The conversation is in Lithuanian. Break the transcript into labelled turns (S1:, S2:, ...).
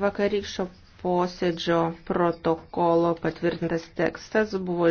S1: Vakarykščio posėdžio protokolo patvirtintas tekstas buvo